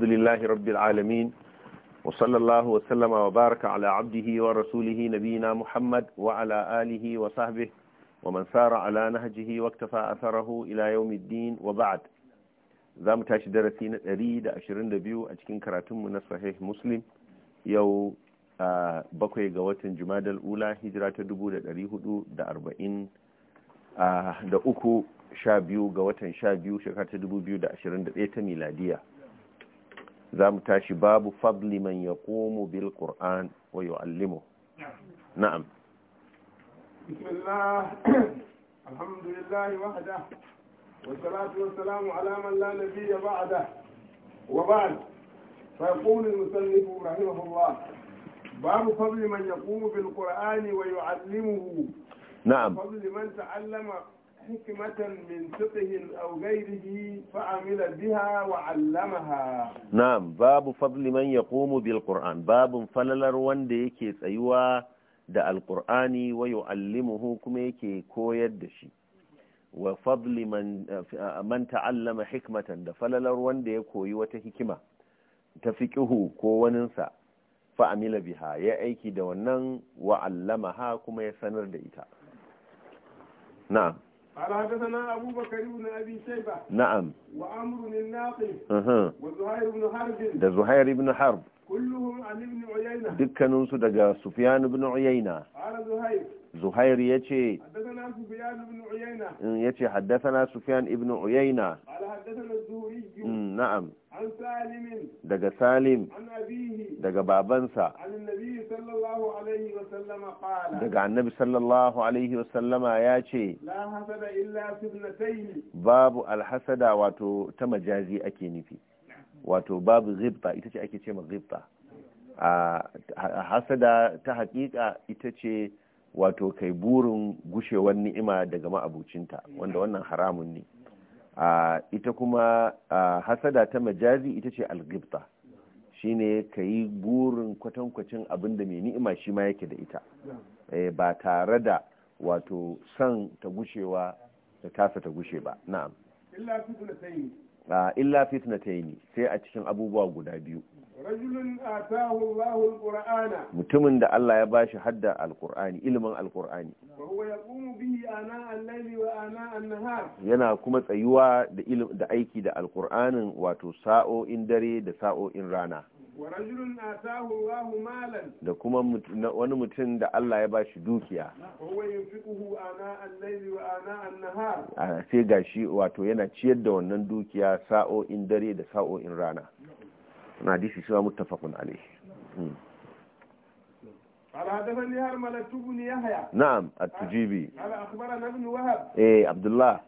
الحمد لله رب العالمين وصلى الله وسلم وبارك على عبده ورسوله نبينا محمد وعلى آله وصحبه ومن سار على نهجه واكتفى أثره إلى يوم الدين وبعد ذا متاشي درسين أريد أشرين دبيو أجكين كراتم من صحيح مسلم يو bakwai ga watan jumadal ula hijira ta 440 da uku sha biyu ga watan sha biyu shekara ta 2021 ta miladiya za mu tashi babu fadli man ya komo bil ƙur'an wa yu'allimu na'am alhamdulillahi wahada wasalatu wasalamu ala man la nabiyya ba'da wa ba'd fa yaqulu al babu bil qur'ani wa na'am حكمة من فقه أو غيره فعمل بها وعلمها نعم باب فضل من يقوم بالقرآن yake فللر وندي كيس أيوة دا القرآن ويعلمه كما يكي كويد دشي wa fadli man ta'allama hikmatan da falalar wanda ya koyi wata hikima tafi fiqihu ko waninsa fa amila biha ya aiki da wannan wa allamaha kuma ya sanar da ita na'am قال حدثنا أبو بكر بن أبي شيبة نعم وعمر بن ناقل أها وزهير بن حرب ده زهير بن حرب dukkaninsu daga Sufyan ibn Uyayna Zuhair ya ce. haddathana Sufyan ibn Uyayna na'am daga Salim daga babansa daga Annabi sallallahu alaihi wa sallama yace babu alhasada wato ta majazi ake nufi wato babu ghibta ita ce ake ce ma a hasada ta hakika ita ce wato kai burin gushewar ni'ima daga ma'abucinta wanda wannan haramun ne ita kuma hasada ta majazi ita ce shi shine ka yi burin kwatankwacin abinda mai ni'ima shi ma yake da ita eh, ba tare da wato son ta gushewa ta tasa ta gushe ba na'am illa fitnataini sai a cikin abubuwa guda biyu mutumin da Allah ya bashi hadda alkur'ani ilimin alkur'ani yana kuma tsayuwa da aiki da alkur'anin wato sa'o'in dare da sa'o'in rana da kuma wani mutum da Allah ya bashi dukiya a sai gashi wato yana ciyar da wannan dukiya sa'o'in dare da sa'o'in rana na hadisi shi muttafaqun alaihi قال حدثني ya haya. Na'am, نعم tujibi Al-Akbar Wahab. Eh, Abdullah.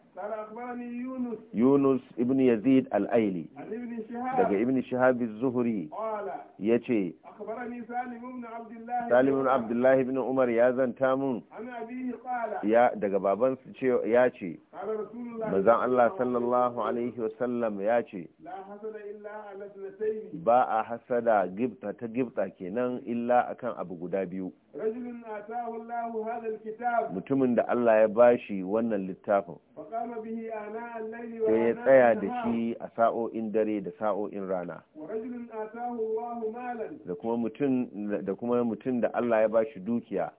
Yunus ibn Yazid al-Aili daga ibn Shihab az-Zuhri yace Salim ibn ibn Umar ya zanta mun ya daga baban ya ce manzon Allah sallallahu alaihi wasallam ya ce ba a hasada gibta ta gibta kenan illa akan abu guda biyu mutumin da Allah ya bashi wannan littafin Sai ya tsaya da shi a sa'o'in dare da sa'o'in rana da kuma mutum da Allah ya bashi dukiya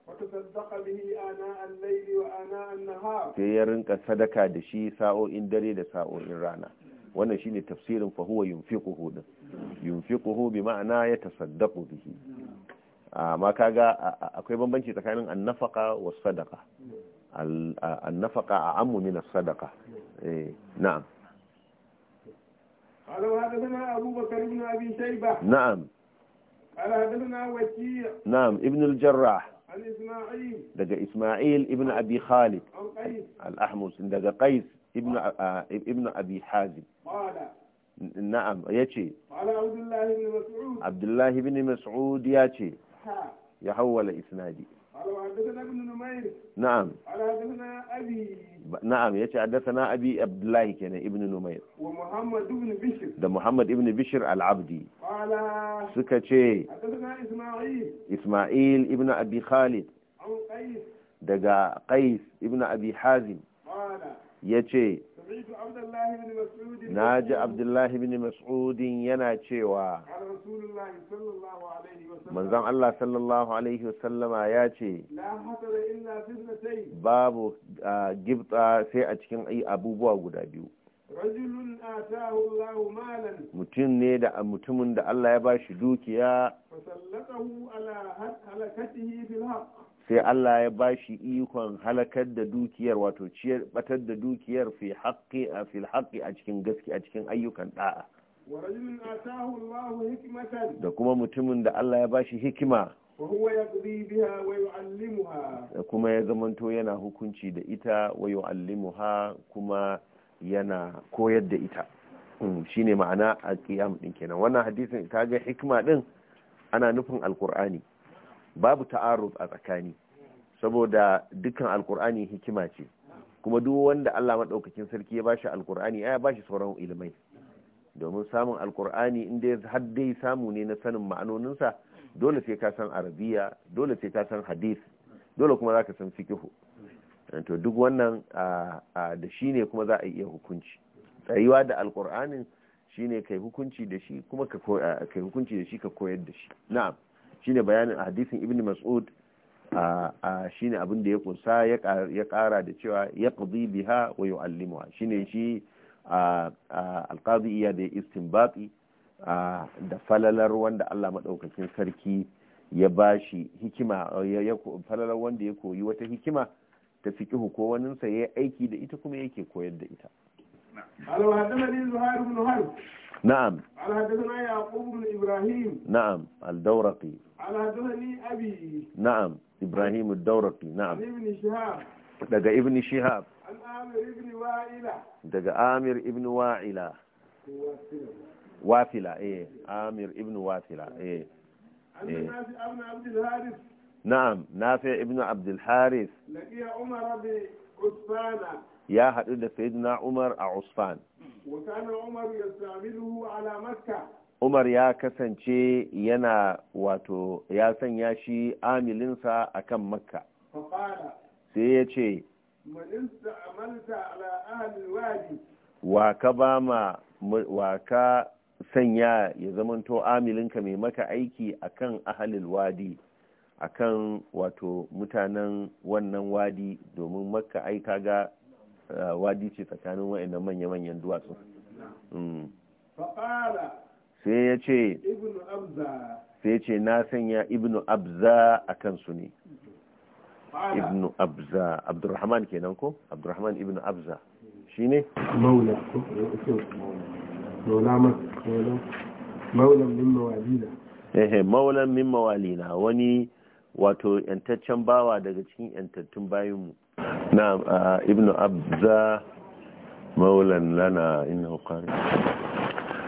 sai ya rinka sadaka da shi sa'o'in dare da sa'o'in rana wannan shine tafsirin fahuwa huwa yunfiquhu din bi ma'ana yatasaddaqu bihi amma kaga akwai bambanci tsakanin annafaka wa sadaka annafaka a ammu min sadaka eh, na'am qala hadathana abu bakr ibn abi shayba na'am qala hadathana wati na'am ibn al jarrah daga isma'il ibn abi khalid al ahmus daga qais ibn ibn abi hazim na'am ya ce. abdullah ibn mas'ud abdullah ibn mas'ud yace ya hawwala isnadi na'am na'am yace haddathana abi abdullahi kenan ibn numayr da muhammad ibn bishr al suka ce isma'il ibn abi khalid daga qais ibn abi ya ce. na ji abdullahi bin mas'udin yana cewa manzon Allah sallallahu alaihi wasallama ya ce babu gibta sai a cikin abubuwa guda biyu mutum ne da mutumin da Allah ya ba shi dukiya sai Allah ya ba shi ikon halakar da dukiyar wato ciyar batar da dukiyar fi haƙƙi a fi haƙƙi a cikin gaske a cikin ayyukan da'a da kuma mutumin da Allah ya ba shi hikima da kuma ya zamanto yana hukunci da ita wa yu'allimuha kuma yana koyar da ita hmm, shine ma'ana a kiyam din kenan wannan hadisin ga hikima din ana nufin alkur'ani babu ta'aruf a tsakani saboda dukkan alkur'ani hikima ce kuma duk wanda Allah madaukakin sarki ya bashi alkur'ani ya bashi sauran ilmai domin samun alkur'ani inda har dai samu ne na sanin ma'anoninsa dole sai ka san arabiya dole sai ka san hadith dole kuma za san fikihu to duk wannan da shi kuma za a iya hukunci tsayuwa da alkur'anin shine kai hukunci da shi kuma kai hukunci da shi ka koyar da shi na'am shine bayanin hadisin ibn mas'ud a shine abin da ya kunsa ya kara da cewa ya qadi biha wa yu'allimuha shine shi alqadi iya da istinbati da falalar wanda Allah madaukakin sarki ya bashi hikima falalar wanda ya koyi wata hikima ta fiqihu ko sa ya aiki da ita kuma yake koyar da ita نعم. قال وحدثني زهير بن حرب نعم على حدثنا يعقوب بن إبراهيم نعم الدورقي على حدثني أبي نعم إبراهيم الدورقي نعم ابن شهاب دقى ابن شهاب عن عامر ابن وائلة دقى آمر ابن وائلة وافلة إيه آمر ابن وافلة إيه إيه ابن عبد الحارث نعم نافع ابن عبد الحارث لقي عمر بعثمان ya haɗu da sayyidina Umar a usman Umar ya kasance yana wato ya sanya shi amilinsa a kan Makka. Sai ya ce, Wa ka ba ma wa ka sanya ya zamanto amilinka mai maka aiki a kan ahalil wadi. akan wato mutanen wannan wadi domin makka ai kaga Eh, wadi ce tsakanin wa'annan manya-manyan duwatsu mm. sai ya ce sai ce na sanya ibnu abza a kansu ne ibnu abza abdurrahman kenan ko abdurrahman ibnu abza shi ne? maulan min mawalina eh, eh, min wani wato yantaccen bawa daga cikin yantattun bayinmu نعم ابن عبد مولا لنا إنه قارئ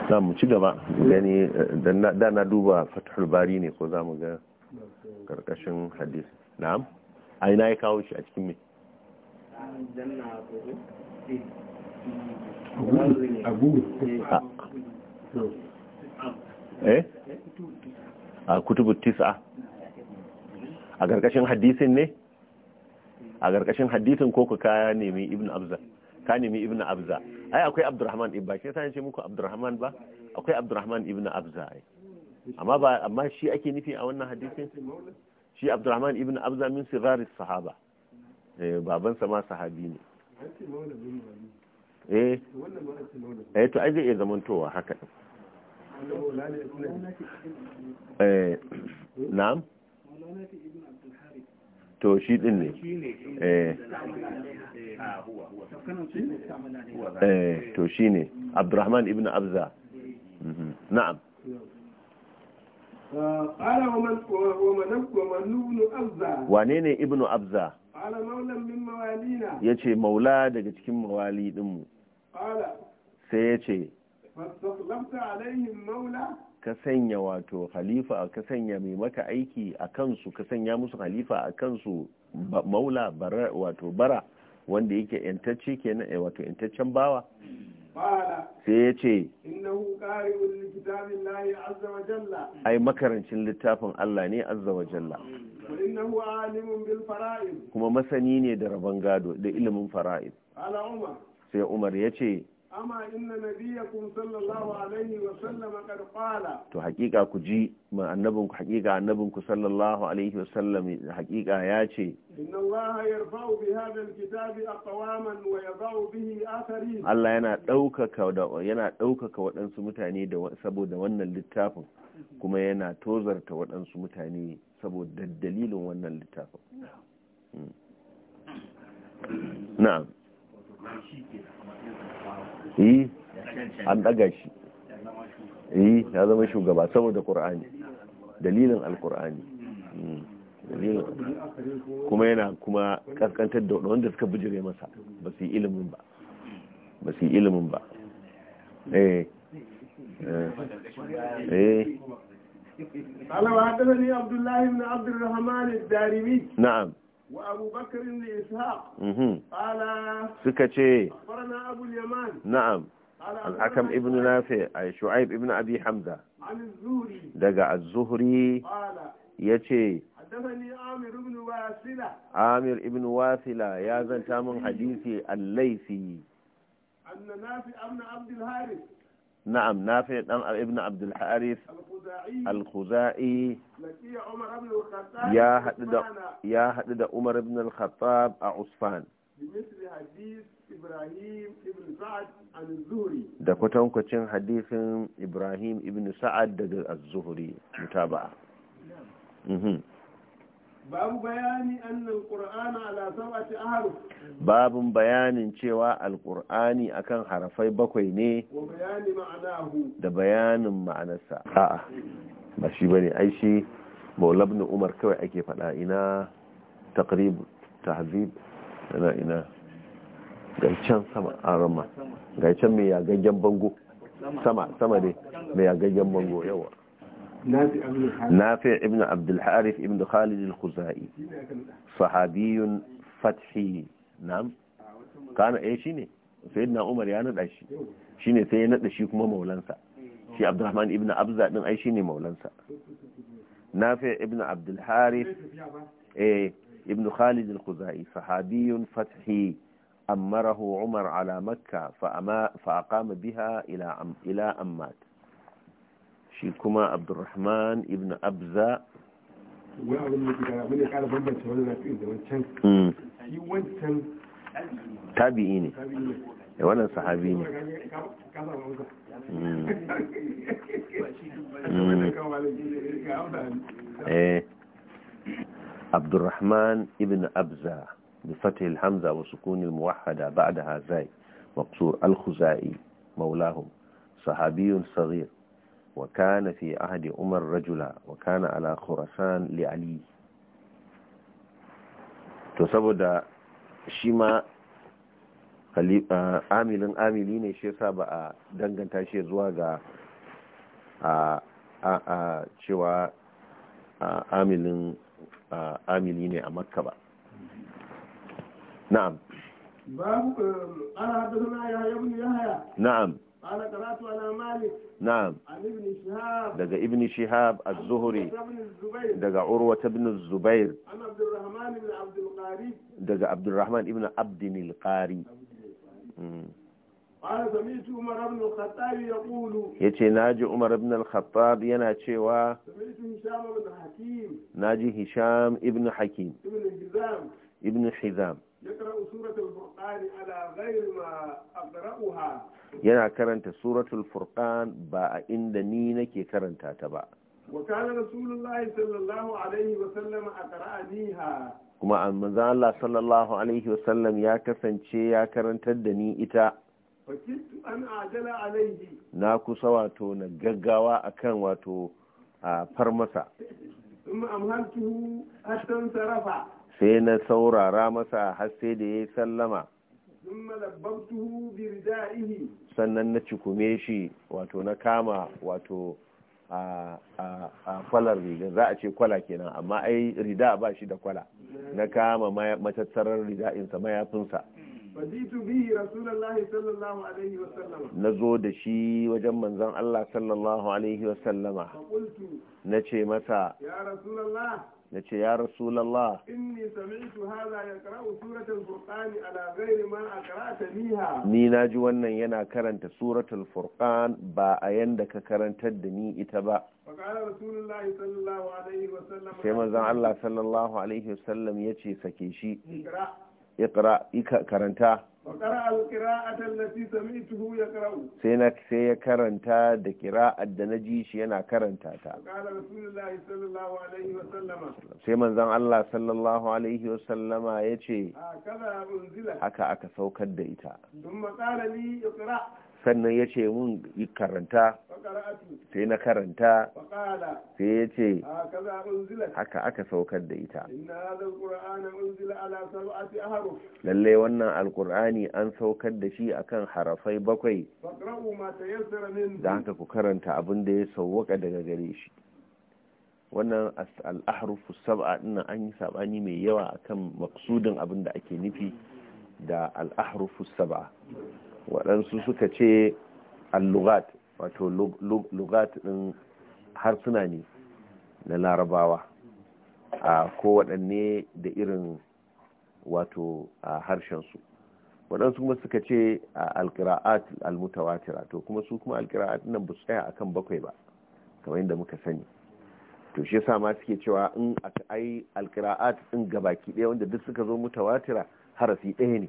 na mu ci gaba gani da na duba fatahul bari ne ko za mu ga karkashin hadis na'am a ina ya kawo shi a cikin mai a eh? a karkashin hadisin ne a ƙarƙashin hadithin ko ku ka nemi ibn abza ka nemi ibn abza ai akwai abdurrahman ibba shi sai ce muku abdurrahman ba akwai abdurrahman ibn abza ai amma ba amma shi ake nufi a wannan hadithin? shi abdurrahman ibn abza min sirraris sahaba eh baban sa ma sahabi ne eh eh to ai zai zamantowa haka eh na'am to shi din ne eh. Eh, to shi ne abdurrahman ibn abza mhm. na'am ƙara wa abza wane ne ibn abza maulan min ya ce maula daga cikin mawali dinmu ƙara sai ya ce maula ka sanya wato khalifa ka sanya mai maka aiki a kansu ka sanya musu khalifa a kansu maula bara wato bara wanda yake yantacce kenan eh, wato yantaccen bawa sai ya ce ai makarancin littafin Allah ne azza wa jalla kuma masani ne da rabon gado da ilimin fara'id sai umar ya ce amma inna nabiyakum sallallahu alaihi wa sallam qad qala to hakika ku ji ma annabinku hakika annabinku sallallahu alaihi wa sallam hakika ya ce inna allaha yarfa'u bi hadha alkitabi aqwaman wa yadh'u bihi akharin Allah yana daukaka yana daukaka wadansu mutane da saboda wannan littafin kuma yana tozarta wadansu mutane saboda dalilin wannan littafin hmm. na'am yi eh, an daga shi yi eh, ya zama shugaba saboda ƙur'ani dalilin alƙur'ani hmm. kuma yana kuma kaskantar da wanda suka bijire masa ba su yi ilimin ba ba su yi ilimin ba eh eh, eh. قال وحدثني عبد الله بن عبد الرحمن الدارمي نعم وأبو بكر لإسحاق قال سكتي أخبرنا أبو اليمان نعم الحكم ابن نافع أي شعيب ابن أبي حمزة عن الزهري دقى الزهري قال يتي حدثني عامر ابن واسلة عامر ابن واسلة يا زنتام حديثي الليثي أن نافع ابن عبد الحارث na'am nafi dan ibn abdul harith al-khuzai ya haɗu da umar ibn al-khattab a usfan da kwatankwacin hadisin ibrahim ibn sa'ad daga az-zuhri mutaba'a babu bayani babun bayanin cewa alqur'ani akan harafai bakwai ne da bayanin ma'anarsa a'a ba shi bane ai shi maula umar kawai ake fada ina taqrib tahzib ina ina gaicen sama arama gaicen mai yagaggen bango sama sama ne mai yagaggen bango yawa نافع ابن عبد الحارث ابن خالد الخزائي صحابي فتحي نعم كان ايشيني سيدنا عمر يانا دايشي شيني سينا دايشي كما مولانسا شي عبد الرحمن ابن عبزة دن ايشيني مولانسا نافع ابن عبد الحارث ايه ابن خالد الخزائي صحابي فتحي أمره عمر على مكة فأما فأقام بها إلى أم إلى أمات shi kuma abdurrahman ibn abza wani abin da gida abin da kara bambanta wani lafi'in da wancan shi wancan tabi'i ne da wannan sahabi ne abdurrahman ibn abza بفتح الحمزة وسكون الموحدة بعدها زي مقصور الخزائي مولاهم صحابي صغير وكان في عهد عمر رجلا وكان على خراسان لعلي to saboda shi ma amilin amili ne shi yasa ba a danganta shi zuwa ga a a cewa amilin amili ne a makka ba na'am babu eh, ana haddasa na yahya ibn yahya na'am قال قرأت على مالك نعم عن ابن شهاب دقى ابن شهاب الزهري دقى عروة بن الزبير عن عبد الرحمن بن عبد القاري دقى عبد الرحمن بن عبد القاري قال سمعت عمر بن الخطاب يقول يتي ناجي عمر بن الخطاب ينا تشيوا سمعت هشام بن حكيم ناجي هشام ابن حكيم ابن حزام ابن حزام يقرأ سورة الفرقان على غير ما أقرأها yana karanta suratul furqan ba a inda ni nake karanta ta ba وكان رسول الله صلى الله عليه وسلم أقرأنيها kuma Allah sallallahu Alaihi ya kasance ya karantar da ni ita na kusa wato na gaggawa akan wato a farmasa sai na saurara masa har sai da ya yi sallama sannan na cikume shi wato na kama wato a kwalar rigar za a ce kwala kenan amma ai rida ba shi da kwala na kama matattarar insa mayafinsa na zo da shi wajen manzon Allah sallallahu alaihi wasallama na ce masa na ce ya rasulallah inni sami'tu hadha yaqra'u suratul furqani ala ghairi ma aqra'taniha ni naji wannan yana karanta suratul furqan ba a yanda ka karantar da ni ita ba sallallahu alaihi wa sallam sai manzon Allah sallallahu alaihi wa wasallam yace sake shi iqra karanta sai na sai ya karanta da kira'ar da na ji shi yana karanta ta sai manzon Allah sallallahu alaihi wasallama ya ce haka aka saukar da ita sannan ya ce mun karanta sai na karanta sai ya ce haka aka saukar da ita lalle wannan alkur'ani an saukar da shi akan harafai bakwai da haka ku karanta abin da ya sauwaka daga gare shi wannan al'ahrufu sab'a dinnan an yi sabani mai yawa akan maksudin abin da ake nufi da al'ahrufu sab'a waɗansu suka ce allugat wato lugat ɗin harsuna ne na larabawa a kowaɗanne da irin wato a harshensu waɗansu kuma suka ce a alkira'at almutawatira to kuma su kuma alkira'at nan ba su tsaya akan bakwai ba kamar yadda muka sani to shi yasa ma suke cewa in aka ai alkira'at din gabaki ɗaya wanda duk suka zo mutawatira harafi ɗaya ne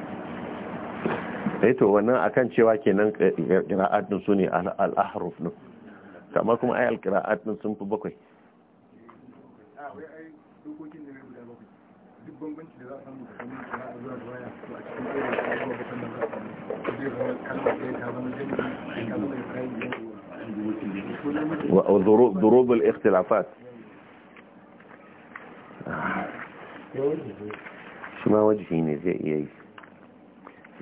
eh to wannan akan cewa kenan qira'at din su al-ahruf din kamar kuma ayal qira'at din sun fi bakwai ضروب الاختلافات شما وجهي ne zai iya yi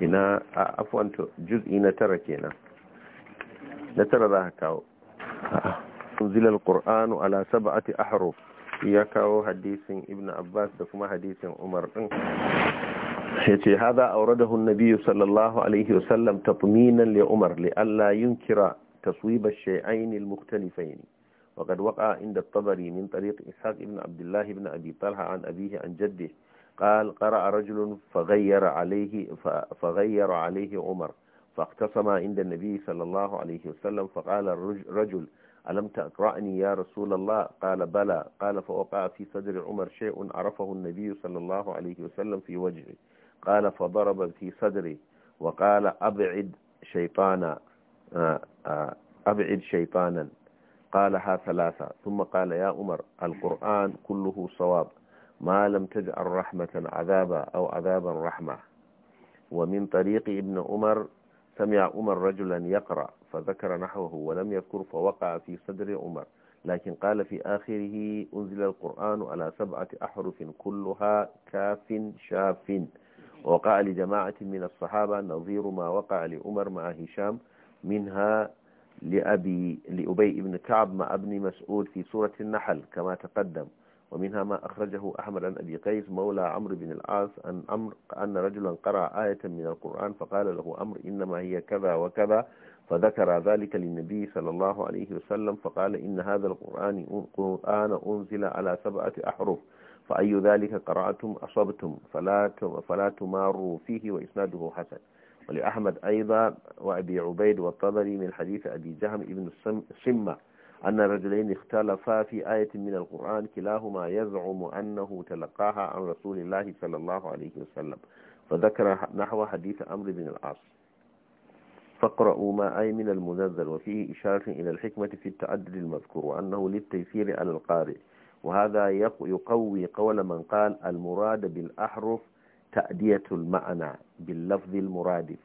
ina a afwan to juz'i na tara kenan na tara za ka kawo unzilal qur'anu ala sab'ati ahruf ya kawo hadisin ibn abbas da kuma hadisin umar din yace hada awradahu an-nabiy sallallahu alaihi wasallam tatminan li umar li alla yunkira taswib ash-shay'ain al-mukhtalifayn وقد وقع عند الطبري من طريق إسحاق بن عبد الله بن أبي طلحة عن أبيه عن جده قال قرأ رجل فغير عليه فغير عليه عمر فاقتصم عند النبي صلى الله عليه وسلم فقال الرجل ألم تقرأني يا رسول الله قال بلى قال فوقع في صدر عمر شيء عرفه النبي صلى الله عليه وسلم في وجهه قال فضرب في صدري وقال أبعد شيطانا آه، آه، أبعد شيطانا قالها ثلاثة ثم قال يا عمر القرآن كله صواب ما لم تجعل رحمة عذابا أو عذابا رحمة ومن طريق ابن عمر سمع عمر رجلا يقرأ فذكر نحوه ولم يذكر فوقع في صدر عمر لكن قال في آخره أنزل القرآن على سبعة أحرف كلها كاف شاف وقع لجماعة من الصحابة نظير ما وقع لعمر مع هشام منها لأبي لأبي بن كعب مع ابن مسعود في سورة النحل كما تقدم ومنها ما أخرجه أحمد عن أبي قيس مولى عمرو بن العاص أن, أمر أن رجلا قرأ آية من القرآن فقال له أمر إنما هي كذا وكذا فذكر ذلك للنبي صلى الله عليه وسلم فقال إن هذا القرآن قرآن أنزل على سبعة أحرف فأي ذلك قرأتم أصبتم فلا فلا تماروا فيه وإسناده حسن ولأحمد أيضا وأبي عبيد والطبري من حديث أبي جهم ابن السمة أن الرجلين اختلفا في آية من القرآن كلاهما يزعم أنه تلقاها عن رسول الله صلى الله عليه وسلم فذكر نحو حديث أمر بن العاص فاقرأوا ما أي من المنزل وفيه إشارة إلى الحكمة في التعدد المذكور وأنه للتيسير على القارئ وهذا يقوي قول من قال المراد بالأحرف تأدية المعنى باللفظ المرادف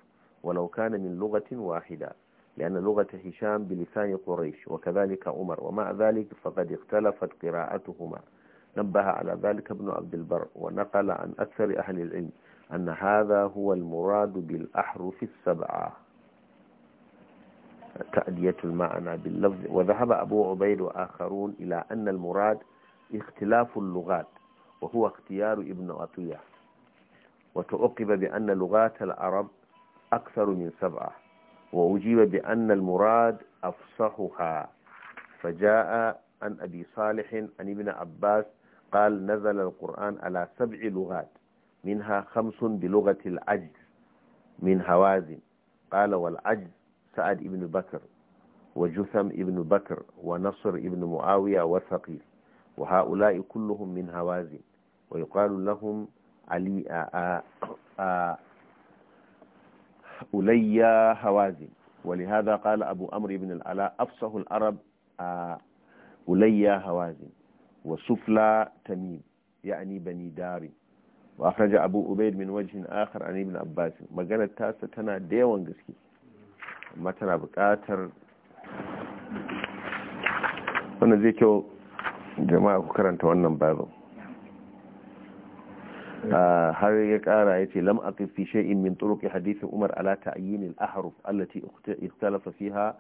ولو كان من لغة واحدة لأن لغة هشام بلسان قريش وكذلك عمر ومع ذلك فقد اختلفت قراءتهما نبه على ذلك ابن عبد البر ونقل عن أكثر أهل العلم أن هذا هو المراد بالأحرف السبعة تأدية المعنى باللفظ وذهب أبو عبيد وآخرون إلى أن المراد اختلاف اللغات وهو اختيار ابن عطية وتعقب بأن لغات العرب أكثر من سبعة وأجيب بأن المراد أفصحها فجاء عن أبي صالح عن ابن عباس قال نزل القرآن على سبع لغات منها خمس بلغة العجز من هوازن قال والعجز سعد ابن بكر وجثم ابن بكر ونصر ابن معاوية وثقيل وهؤلاء كلهم من هوازن ويقال لهم علي آآ آآ أليا هوازن ولهذا قال أبو أمر بن العلاء أفصه العرب أليا هوازن وسفلى تميم يعني بني داري وأخرج أبو أبيد من وجه آخر عن ابن ما قالت تاسة تنا ديوان قسكي ما تنا بكاتر وانا زي جماعة كرنت وانا بابو har ya kara ya ce lam aqif fi shay'in min turuq hadith Umar ala ta'yin al-ahruf allati ikhtalafa fiha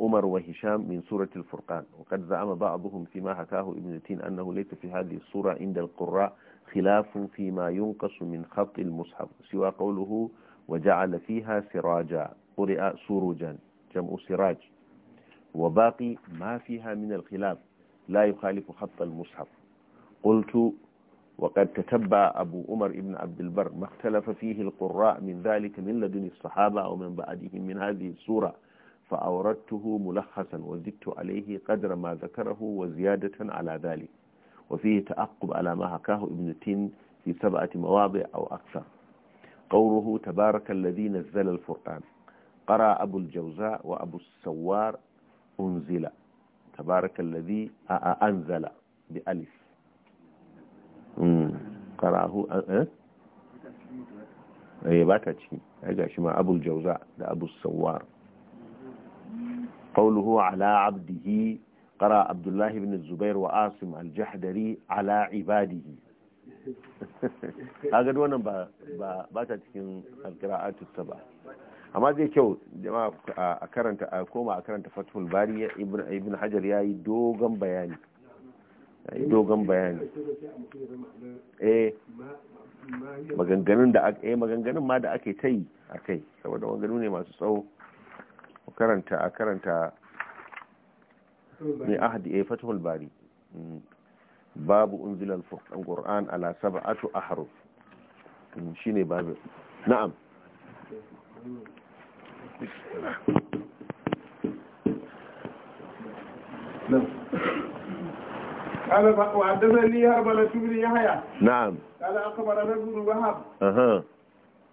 Umar wa Hisham min surati al-Furqan wa qad za'ama ba'dhum fi ma hakahu Ibn Tin annahu laysa fi hadhihi as-sura 'inda al-qurra خلاف فيما ينقص من خط المصحف سوى قوله وجعل فيها سراجا قرئ سروجا جمع سراج وباقي ما فيها من الخلاف لا يخالف خط المصحف قلت وقد تتبع أبو عمر ابن عبد البر ما اختلف فيه القراء من ذلك من لدن الصحابة أو من بعدهم من هذه السورة فأوردته ملخصا وزدت عليه قدر ما ذكره وزيادة على ذلك وفيه تأقب على ما حكاه ابن تين في سبعة مواضع أو أكثر قوله تبارك الذي نزل الفرقان قرأ أبو الجوزاء وأبو السوار أنزل تبارك الذي أنزل بألف karahu eh, eh? eh ba ta ciki ai gashi ma abul jauza da abu'l sawar qawluhu ala abdihi qara abdullah ibn zubair wa asim al-jahdari ala ibadihi kaga wannan ba ba ba ta cikin alqira'atu saba amma zai kyau jama'a a karanta a koma a karanta fathul bari ibn hajar yayi dogon bayani yi dogon bayani eh maganganun da aka eh maganganun ma da ake ta yi a kai saboda maganganu ne masu tsawo karanta a karanta ne ahadi eh fatihul bari mm. babu unzilal furqan qur'an ala sab'atu ahruf mm, shine babu na'am No. قال وحدثني هربلة بن يحيى نعم قال أخبرنا ابن وهب أها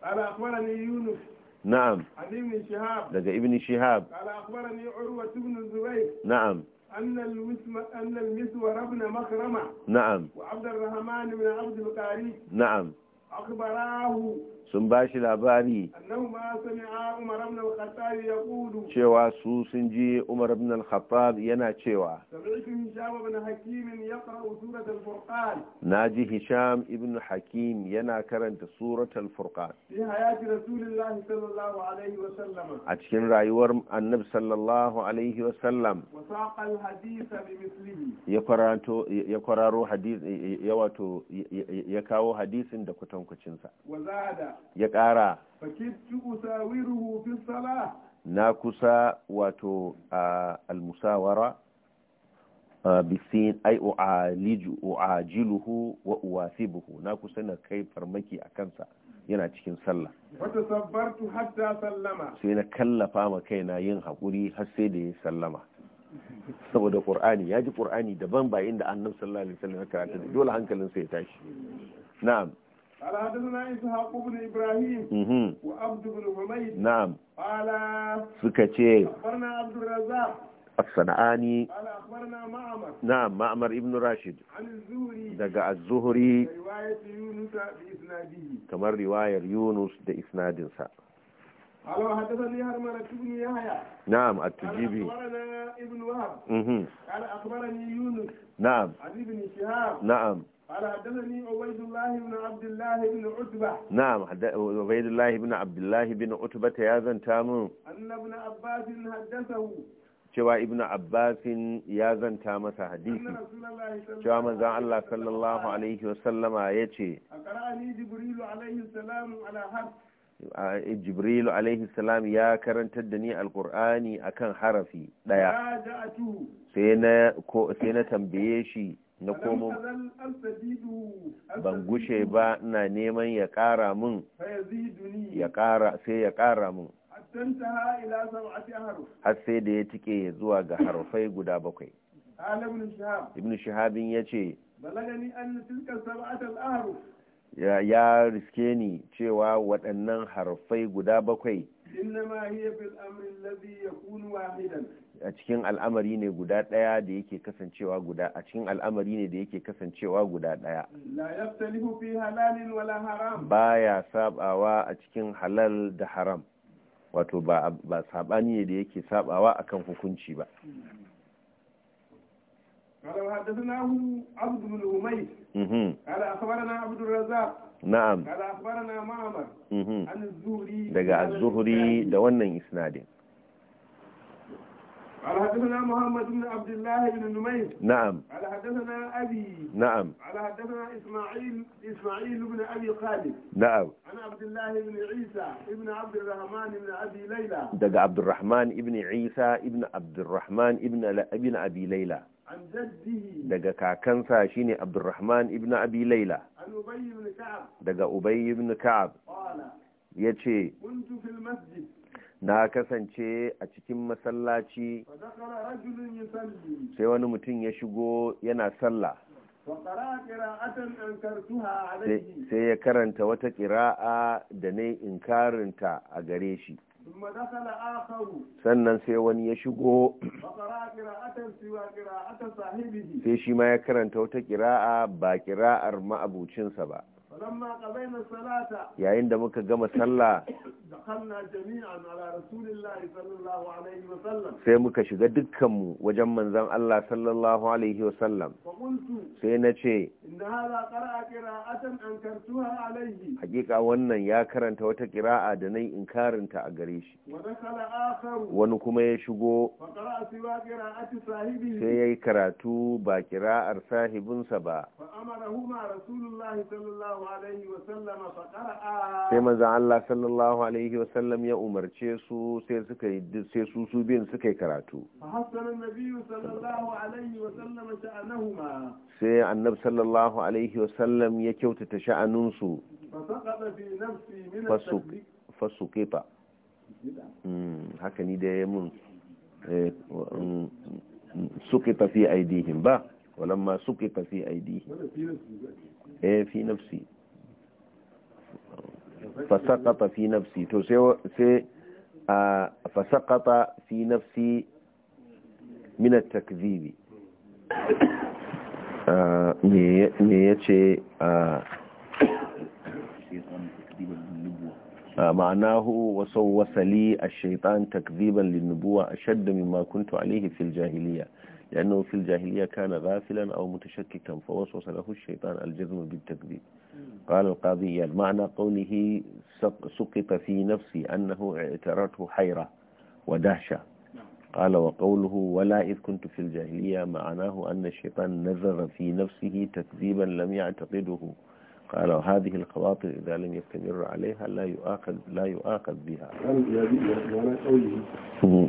قال أخبرني يونس نعم عن ابن شهاب لدى ابن شهاب قال أخبرني عروة بن الزبير نعم أن المسم أن المسور بن مخرمة نعم وعبد الرحمن بن عبد القاري نعم أخبراه sun ba shi labari cewa su sun ji umar ibn al-khattab yana cewa na ji hisham ibn hakim yana karanta surat al-furqan a cikin rayuwar annab sallallahu alaihi wasallam ya kwararo ya wato ya kawo hadisin da kwatankwacinsa ya ƙara na kusa wato almusawara a bisin ai u'ajiluhu wa uwasibuhu na kusa na kai farmaki a kansa yana cikin sallah wata sabbartu hadda sallama sai na kallafa ma kai na yin haƙuri har sai da ya sallama saboda qur'ani ya ji qur'ani daban bayan da annan sallallahu alaihi wasallam ya karanta dole hankalinsa ya tashi na'am قال حدثنا إسحاق بن إبراهيم وعبد بن حميد نعم قال سكتي أخبرنا عبد الرزاق الصنعاني قال أخبرنا معمر نعم معمر ابن راشد عن الزهري دقع الزهري رواية يونس بإسناده كما رواية يونس بإسناد سا قال وحدثني هرمان بن يحيى نعم التجيبي قال أخبرنا ابن وهب قال أخبرني يونس نعم عن ابن شهاب نعم قال حدثني عبيد الله بن عبد الله بن عتبة نعم عبيد الله بن عبد الله بن عتبة يا زنتامو أن ابن عباس حدثه cewa ibnu abbasin ya zanta masa hadisi cewa manzon Allah sallallahu alaihi wasallama ya ce jibrilu alaihi salam ya karantar da ni alkur'ani akan harafi daya sai na tambaye shi na komo ban gushe ba ina neman ya ƙara min sai ya ƙara min har sai da ya tike ya zuwa ga harfai guda bakwai ibn shahabin ya ce ya riske ni cewa waɗannan harfai guda bakwai a cikin al'amari ne guda ɗaya da yake kasancewa guda a cikin al'amari ne da yake kasancewa guda ɗaya ya sabawa a cikin halal da haram wato ba ba sabani ne da yake sabawa a kan hukunci ba قال وحدثناه عبد بن أميس قال أخبرنا عبد الرزاق نعم قال أخبرنا قال حدثنا محمد بن عبد الله بن نمير نعم قال حدثنا أبي نعم قال حدثنا إسماعيل إسماعيل بن أبي خالد نعم أنا عبد الله بن عيسى ابن عبد الرحمن بن أبي ليلى دق عبد الرحمن ابن عيسى ابن عبد الرحمن ابن ابن أبي ليلى عن جده دق كاكنسا شيني عبد الرحمن ابن أبي ليلى عن أبي بن كعب دق أبي بن كعب قال يتشي كنت في المسجد na kasance a cikin masallaci sai wani mutum ya shigo yana sallah sai ya karanta wata ƙira'a da na inkarinta a gare shi sannan sai wani ya shigo sai shi ma ya karanta wata ƙira'a ba ƙira'ar ma'abucinsa ba yayin da muka gama sallah sai muka shiga dukkanmu wajen manzan Allah sallallahu alaihi wasallam sai na ce hakika wannan ya karanta wata kira'a da nayi inkarinta a gare shi wani kuma ya shigo sai ya yi karatu ba kira'ar sahibinsa ba sai manzan Allah sallallahu alaihi alaihi wasallam ya umarce su sai suka yi sai su su biyan suka yi karatu sai annab sallallahu alaihi wasallam ya kyautata sha'anunsu fasu kefa haka ni da ya mun eh, mm, mm, suke tafi aidihin ba walamma suke tafi aidihin eh fi nafsi فسقط في نفسي تو سي آه، فسقط في نفسي من التكذيب آه، ني آه، معناه وسوس لي الشيطان تكذيبا للنبوة أشد مما كنت عليه في الجاهلية لأنه في الجاهلية كان غافلا أو متشككا فوسوس له الشيطان الجزم بالتكذيب قال القاضي معنى قوله سقط في نفسي أنه اعترته حيرة ودهشة قال وقوله ولا إذ كنت في الجاهلية معناه أن الشيطان نذر في نفسه تكذيبا لم يعتقده قال هذه الخواطر إذا لم يستمر عليها لا يؤاخذ لا يؤاخذ بها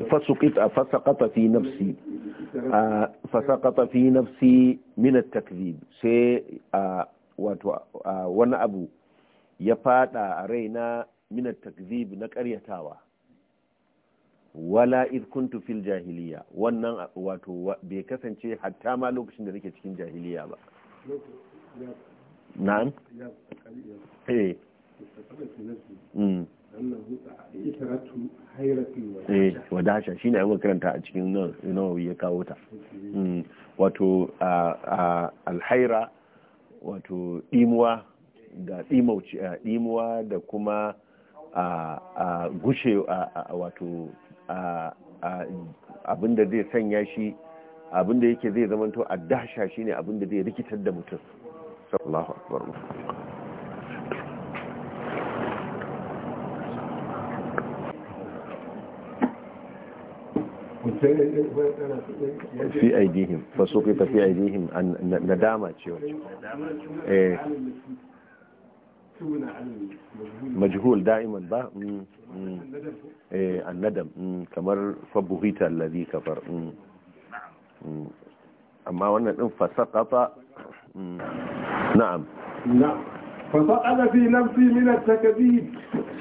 فسقط فسقط في نفسي فسقط في نفسي من التكذيب سي وانا ابو يفاد رينا من التكذيب نكرية ولا اذ كنت في الجاهليه jahiliya واتو wato حتى ما لوكشن دا lokacin cikin jahiliya ba na'am eh mm. eh wadasha shine an karanta a cikin nawawi ya kawo ta mm. wato alhaira wato dimuwa da dimuwa da kuma a gushe wato abinda zai sanya shi abinda yake zai zamanto a dasha shine abinda zai rikitar da mutum الله أكبر في أيديهم فسقط في أيديهم ندامة إيه. مجهول دائما با إيه، الندم كمر فبهيت الذي كفر amma wannan din fasaqata mm, na'am fasaqata fi nafsi min at-takdhib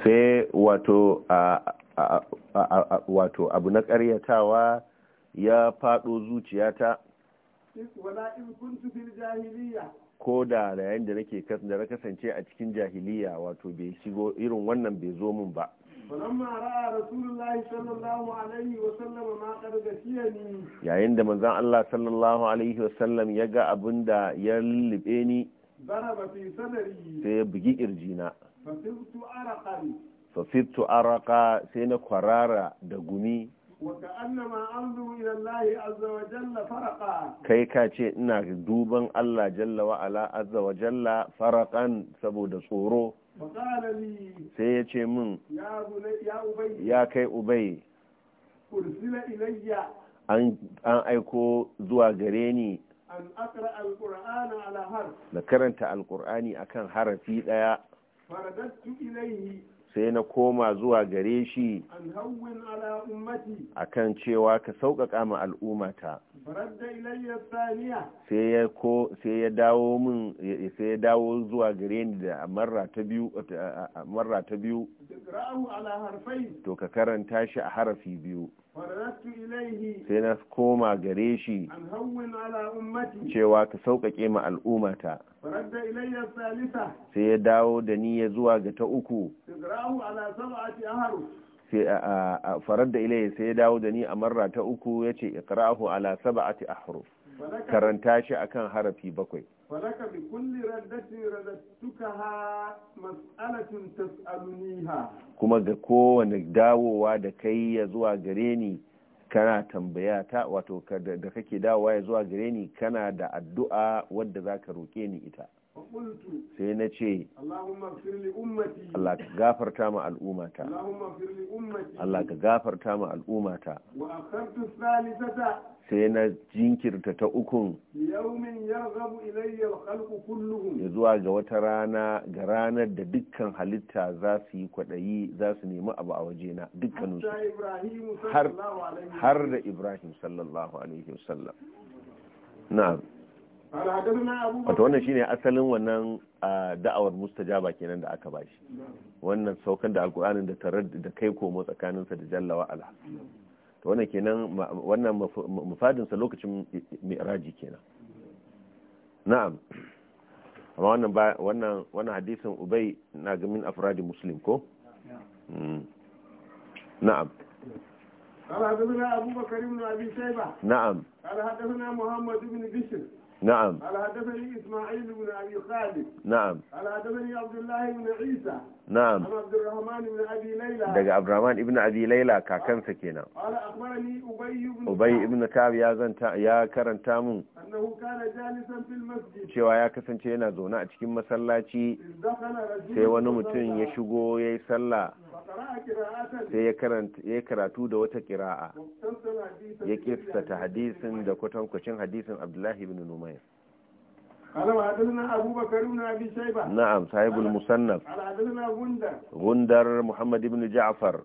sai wato wato abu na ƙaryatawa ya faɗo zuciyata ko da yayin da nake da na kasance a cikin jahiliya wato bai shigo irin wannan bai zo min ba yayin da manzon Allah sallallahu alaihi wasallam ya ga abin da ya lullube ni sai ya bugi kirjina fafitu araka sai na kwarara da gumi kai ka ce ina duban Allah jalla wa'ala azza wa saboda tsoro sai ya ce min ya kai ubai an aiko zuwa gare ni na karanta alkur'ani akan harafi daya sai na koma zuwa gare shi a kan cewa ka sauƙaƙa ma al'ummata sai ya dawo min sai ya dawo zuwa gare ni da marra ta biyu to ka karanta shi a harafi biyu sai na koma gare shi cewa ka sauƙaƙe ma al'ummata sai ya dawo da niyya zuwa ga ta uku farar da ilayya sai ya dawo da ni a marra ta uku ya ce ikrahu ala saba'ati ahruf karanta shi a kan harafi bakwai فلك بكل ردة رددتكها مسألة تسألنيها كما قوة نقداو ودكي يزوى قريني kana tambaya ta wato da kake dawowa ya zuwa gare ni kana da addu'a wadda za ka roƙe ni ita sai na ce Allah ka gafarta ma al'ummata Allah ka gafarta ma al'ummata sai na jinkirta ta ukun ya zuwa ga wata rana ga ranar da dukkan halitta za su yi kwaɗayi za su nemi abu a wajena dukkaninsu har da ibrahim sallallahu alaihi wasallam na wata wannan shine asalin wannan da'awar mustajaba kenan da aka bashi wannan saukan da alkur'anin da tarar da kai komo tsakaninsa da jallawa ala. to wannan kenan wannan mufadinsa lokacin mi'raji kenan na'am amma wannan ba wannan wannan hadisin ubay na ga min afradi muslim ko hmm. na'am قال حدثنا أبو بكر بن أبي شيبة نعم قال حدثنا محمد بن بشر نعم قال هدفني إسماعيل بن أبي خالد نعم قال هدفني عبد الله بن عيسى نعم عن عبد الرحمن بن أبي ليلى دقى عبد الرحمن بن أبي ليلى كاكن سكينا قال أخبرني أبي بن أبي بن كعب يا زنتا يا كرن تامو أنه كان جالسا في المسجد شوى يا كسن شينا زونا أتكين مسلاتي دخل رجل سيوانو متن يشغو يسلا نعم sai ya karatu da wata kira'a ya kirsta ta hadisin da kwatankwacin hadisin abdullahi bin numai na'am sahibul musannaf gundar muhammad ibn ja'far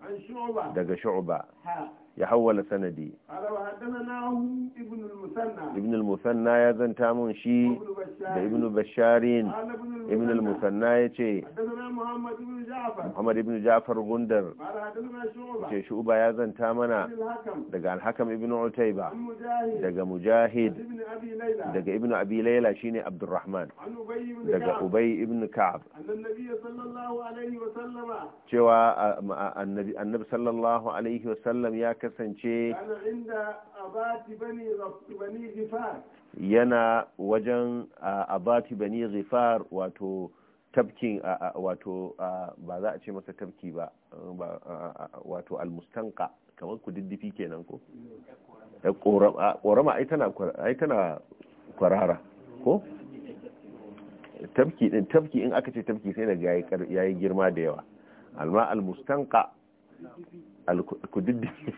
daga shu'uba ya hawwala sanadi ibn al-musanna ya zanta mun shi da ibn basharin ibn al-musanna ya ce muhammad ibn ja'far gundar ce shu'ba ya zanta mana daga al-hakam ibn utayba daga mujahid daga ibn abi layla shine abdurrahman daga ubay ibn ka'ab cewa annabi sallallahu alaihi wa sallam ya kasance yana wajen abati bani zifar wato tafkin wato ba za a ce masa tafki ba wato almustanka kamar ku diddifi kenan ko ƙorama eh, ai tana kwarara ko tafki din in aka ce tafki sai ya yi girma da yawa alma almustanka kududdufi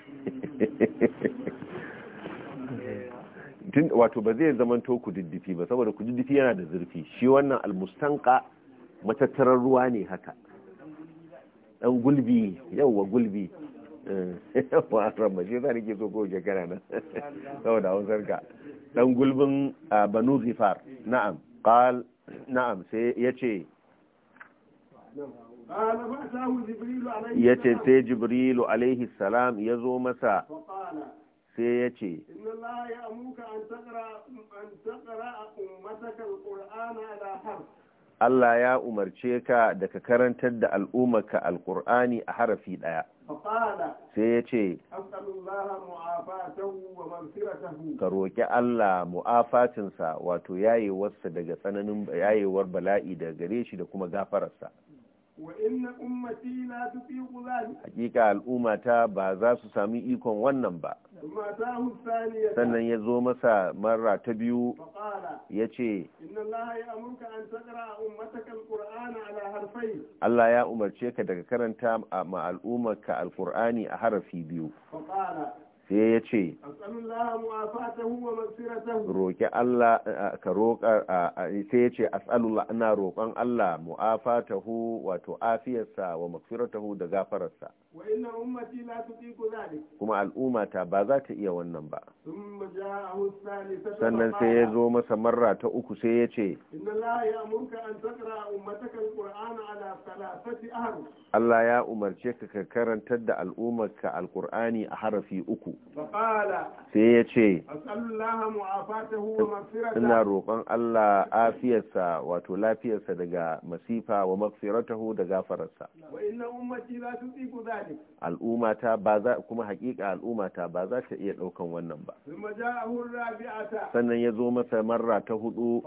wato ba zai to kududdufi ba saboda kududdufi yana da zurfi shi wannan almustanka matattarar ruwa ne haka dan gulbi yauwa gulbi wa ramma shi za nake so ko kana nan saboda hausar ka dan gulbin banu zifar na'am qal na'am sai yace ya ce sai jibrilu alaihi salam ya zo masa sai ya ce Allah ya umarce ka da ka karantar da al'ummarka alƙur'ani a harafi ɗaya. Sai ya ce, Ka roƙi Allah mu'afatinsa wato yayewarsa daga tsananin yayewar bala'i da gare shi da kuma gafararsa. wa inna ummati hakika al'ummata ba za su sami ikon wannan ba sannan ya zo masa marra ta biyu ya ce Allah ya umarce ka daga karanta ma al'ummarka alqur'ani a harafi biyu sai ya ce roƙi Allah ka roƙa sai ya ce as'alullah ina roƙon Allah mu'afatahu wato afiyarsa wa magfiratahu da gafararsa kuma al'ummata ba za ta iya wannan ba sannan sai ya zo masa marra ta uku sai ya ce Allah ya umarce ka ka karantar da al'ummarka alkur'ani a harafi uku sai ya ce ina roƙon Allah afiyarsa wato lafiyarsa daga masifa wa magfiratahu da gafararsa al'umata ba za kuma hakika al'ummata ba za ta iya ɗaukan wannan ba sannan ya zo masa marra ta hudu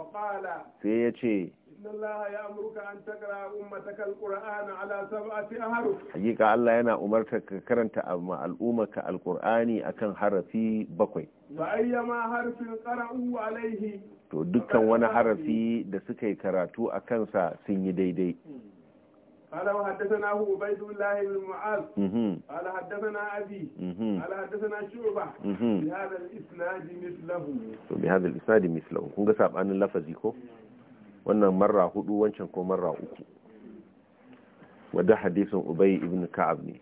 sai ya ce إن allah يأمرك أن ka أمتك القرآن على سبعة أحرف حقيقة الله أنا أمرتك كرنت أما الأمك القرآن أكن حرفي بقوي وأيما حرف قرأوا to dukkan wani harafi da suka yi karatu a kansa sun yi daidai. Ala haddasa na hu Ubaidu Allahi bin Mu'az. Ala haddasa na Abi. Ala haddasa na Shuba. Bihadar Isnadi Mislahu. To bihadar Isnadi Mislahu. Kun ga sabanin lafazi ko? wannan marra hudu wancan ko marra uku wadda hadisin ubay ibn ka'ab ne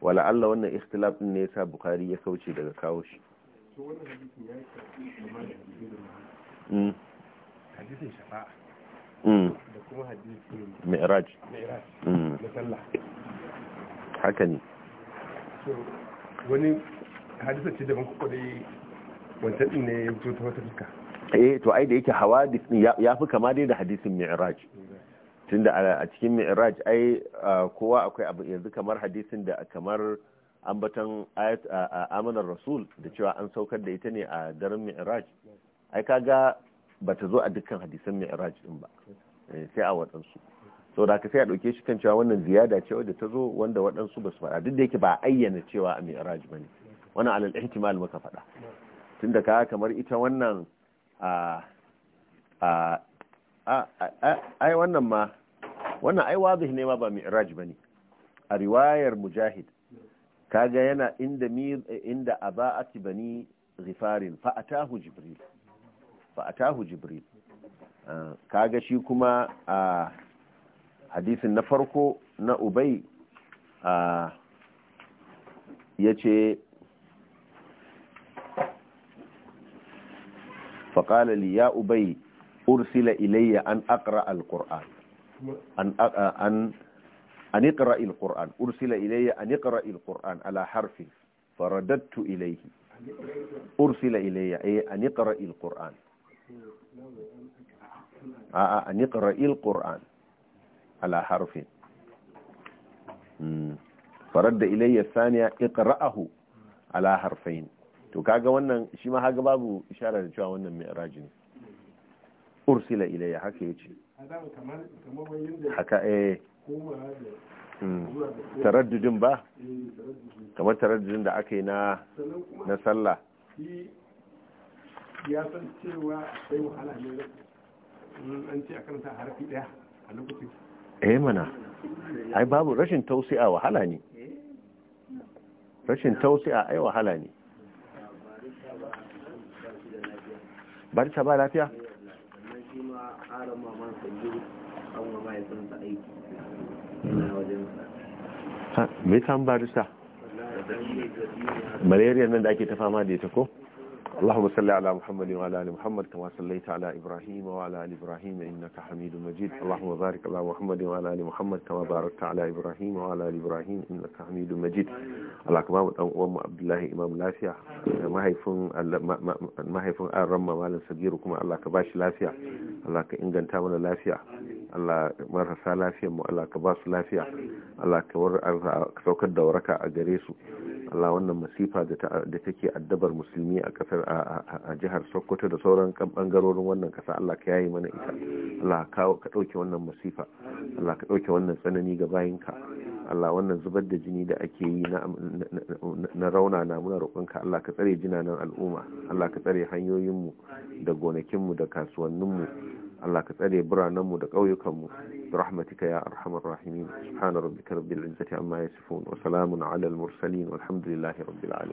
wala Allah wannan ikhtilaf din ne yasa bukhari ya kauce daga kawo shi hmm. hmm. da kuma mi'raj hmm. sallah haka ne wani hadisar ce daban kuka dai wancan ne ya fito ta wata fuska eh to ai da yake hawadis din ya fi kama dai da hadisin mi'raj tunda a cikin mi'raj ai kowa akwai abu yanzu kamar hadisin da kamar ambatan ayat amanar rasul da cewa an saukar da ita ne a daren mi'raj ai kaga ta zo a dukkan hadisan mi'raj din ba eh, sai a waɗansu so da ka sai a ɗauke shi kan cewa wannan ziyada ce wadda ta zo wanda waɗansu ba su faɗa duk da yake ba ayyana cewa a mi'raj ba ne wannan alal ihtimal muka faɗa tunda ka kamar ita wannan a a ai wannan ma wannan ai wazih ne ma ba mi'raj bane a riwayar mujahid kaga yana inda inda aba'ati bani zifarin, fa atahu jibril fa jibril kaga shi kuma a hadisin na farko na ubai ya ce. فقال لي يا أبي أرسل إلي أن أقرأ القرآن أن, أن, أن اقرأ القرآن أرسل إلي أن اقرأ القرآن على حرف فرددت إليه أرسل إلي أي أن اقرأ القرآن أن اقرأ القرآن على حرف فرد إلي الثانية اقرأه على حرفين to kaga wannan shi ma haga babu ishara da cewa wannan mi'raji ne ursila ilayya haka yace haka eh. Hmm. eh taraddudin ba kamar taraddudin da aka yi na na sallah ya san cewa sai wahala ne an ce a karanta harfi daya a lokacin eh mana ai babu rashin tausi'a wahala ne eh. rashin tausi'a ai wahala ne ba ta ba lafiya me san barista malaria nan da ake ta fama da ita ko اللهم صل على محمد وعلى ال محمد كما صليت على ابراهيم وعلى ال ابراهيم انك حميد مجيد اللهم بارك على محمد وعلى ال محمد كما باركت على ابراهيم وعلى ال ابراهيم انك حميد مجيد الله كما dan uwan mu Abdullahi Imam lafiya mahaifin mahaifin Aramma Malam Sagiru kuma Allah ka bashi lafiya Allah ka inganta mana lafiya Allah marasa lafiyar mu Allah ka ba su lafiya Allah ka saukar da waraka a gare su Allah wannan masifa da take addabar musulmi a kasar a jihar Sokoto da sauran bangarorin wannan kasa Allah ka yayi mana ita Allah ka dauke wannan masifa Allah ka dauke wannan tsanani ga bayinka Allah wannan zubar da jini da ake yi na rauna na muna roƙonka Allah ka tsare jinanan al'umma Allah ka tsare hanyoyinmu da gonakinmu da kasuwanninmu Allah ka tsare biranenmu da ƙauyukanmu bi rahmatika ya arhamar rahimin subhana rabbika rabbil izzati amma yasifun wa salamun ala al mursalin walhamdulillahi rabbil alamin